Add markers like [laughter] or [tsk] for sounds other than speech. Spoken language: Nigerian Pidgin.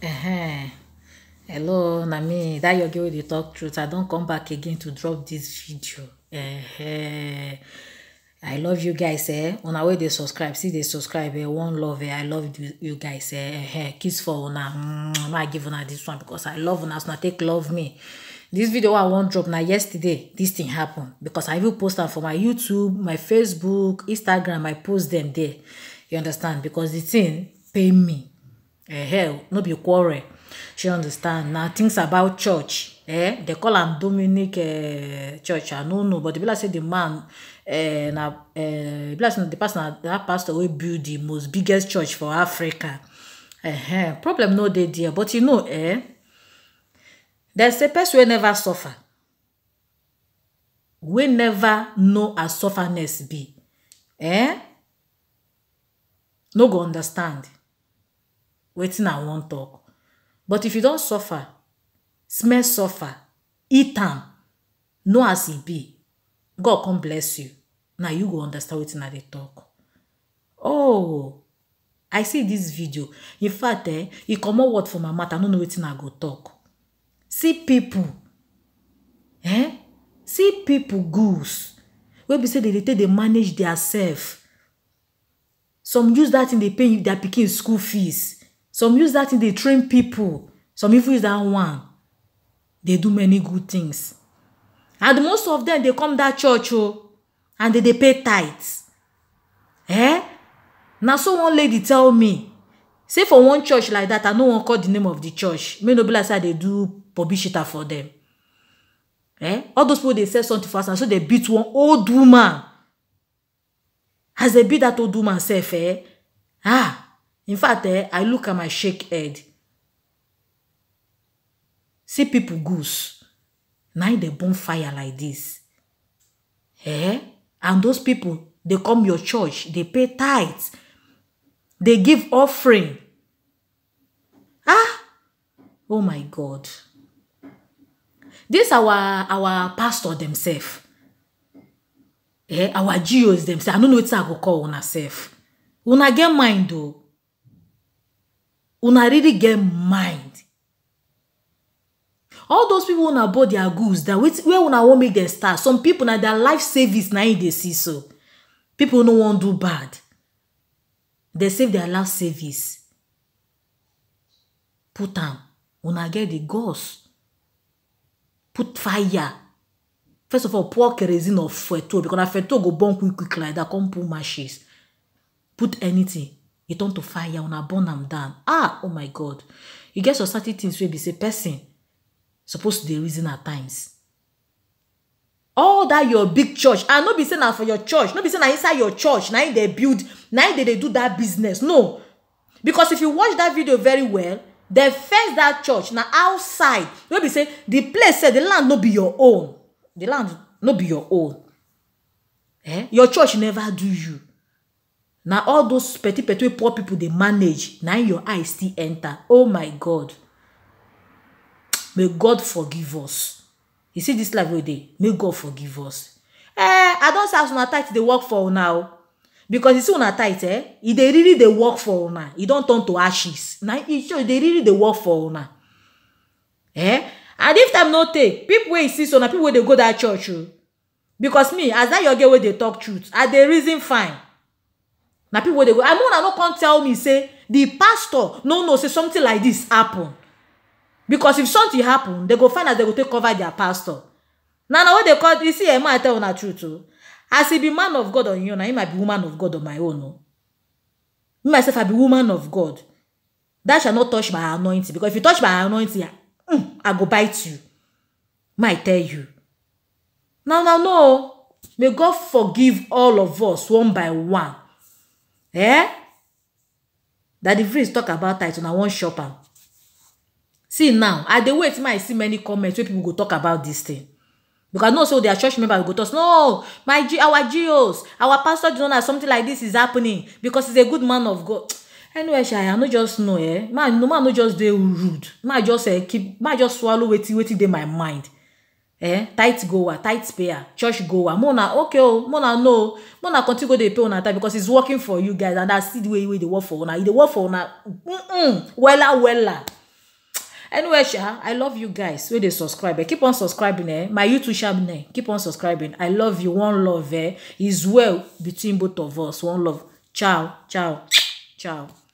Uh huh. hello Nami. That dat your girl wey talk truth i don't come back again to drop this video Uh huh. i love you guys eh On una way they subscribe See they subscribe eh one love eh i love you guys eh kiss for una mm, i give una this one because i love una so na take love me This video i won't drop now. yesterday this thing happened because i will post them for my youtube my facebook instagram i post them there you understand because the thing pay me Eh, hell no be quarrel she understand now things about church eh they call him dominic eh church i no know but the be like say the man eh na eh e be like say na pastor wey build the most biggest church for africa eh problem no dey dear but you know eh there's a person wey never suffer we never know a sufferness be eh no go understand wetin i wan talk but if you don suffer smell suffer eat am know as e be god come bless you na you go understand wetin i dey talk oh i see this video in fact eh e comot word for my mouth i no know wetin i go talk see people eh see people goals wey be say they dey take dey manage their self some use that thing dey pay their pikin school fees some use that thing dey train people some even use that one dey do many good things and most of them dey come that church o oh, and they dey pay tithe eh na so one lady tell me say for one church like that i no wan call the name of the church make no be like say i dey do publicity for them eh all those people dey sell something for us na so they beat one old woman as they beat that old woman sef eh ah in fact eh, i look at my shake head see people goose na im bonfire like this eh? and those people they come your church they pay tithes, they give offering ah oh my god this our our pastor themselves eh our geos themselves i don't know wetin i go call una sef una get mind oo una really get mind all those people una bought their goods that where una wan make dem start some people na their life savings na im dey see so people no wan do bad dey save their life savings put am una get the gods put fire first of all pour kerosene or fuel because na fuel go burn quick quick like that come put matches put anything You turn to fire una burn am down ah oh my god you get some certain things wey be say person suppose dey reason at times all that your big church and ah, no be say na for your church no be say na inside your church na im dey build na im dey dey do that business no because if you watch that video very well dem fence that church na outside wey be say the place say the land no be your own the land no be your own eh your church never do you na all those petty petty poor people dey manage na your eye still enter oh my god may god forgive us you see this life wey dey may god forgive us eh i don say as una tithe dey work for una o because you see una tithe eh e dey really dey work for una e don turn to ashes na e show e dey really dey work for una eh and if time no tey people wey you see so na people wey dey go that church o because me as that your girl wey dey talk truth i dey reason fine na people wey dey go i mean una no come tell me say the pastor no know say something like this happen because if something happen they go find as they go take cover their pastor na na wey dey call you see emma eh, i tell una true too. Oh. as e be man of god on your own na him i be woman of god on my own o oh. me myself i be woman of god that shall not touch my anointing because if you touch my anointing i, mm, I go bite you may i tell you now now no may god forgive all of us one by one eh daddy freeze talk about tithe una wan chop am see now i the wait make i see many comments where people go talk about this thing because i so their church member will go talk no my G our GOS, our pastor do know something like this is happening because he's a good man of god [tsk] anyway sha i no just know eh man no man no just they rude man just eh, keep man just swallow wetin wetin dey my mind eh tight goer tight payer church goer more na okay oh, more na no more na continue go dey pay una time because it's working for you guys and i see the way wey dey work for una e dey work for una mm -mm, wella wella anyway sha i love you guys wey dey subscribe eh, keep on subscribing eh my youtube channel eh keep on subscribing i love you one love eh is well between both of us one love ciao ciao ciao.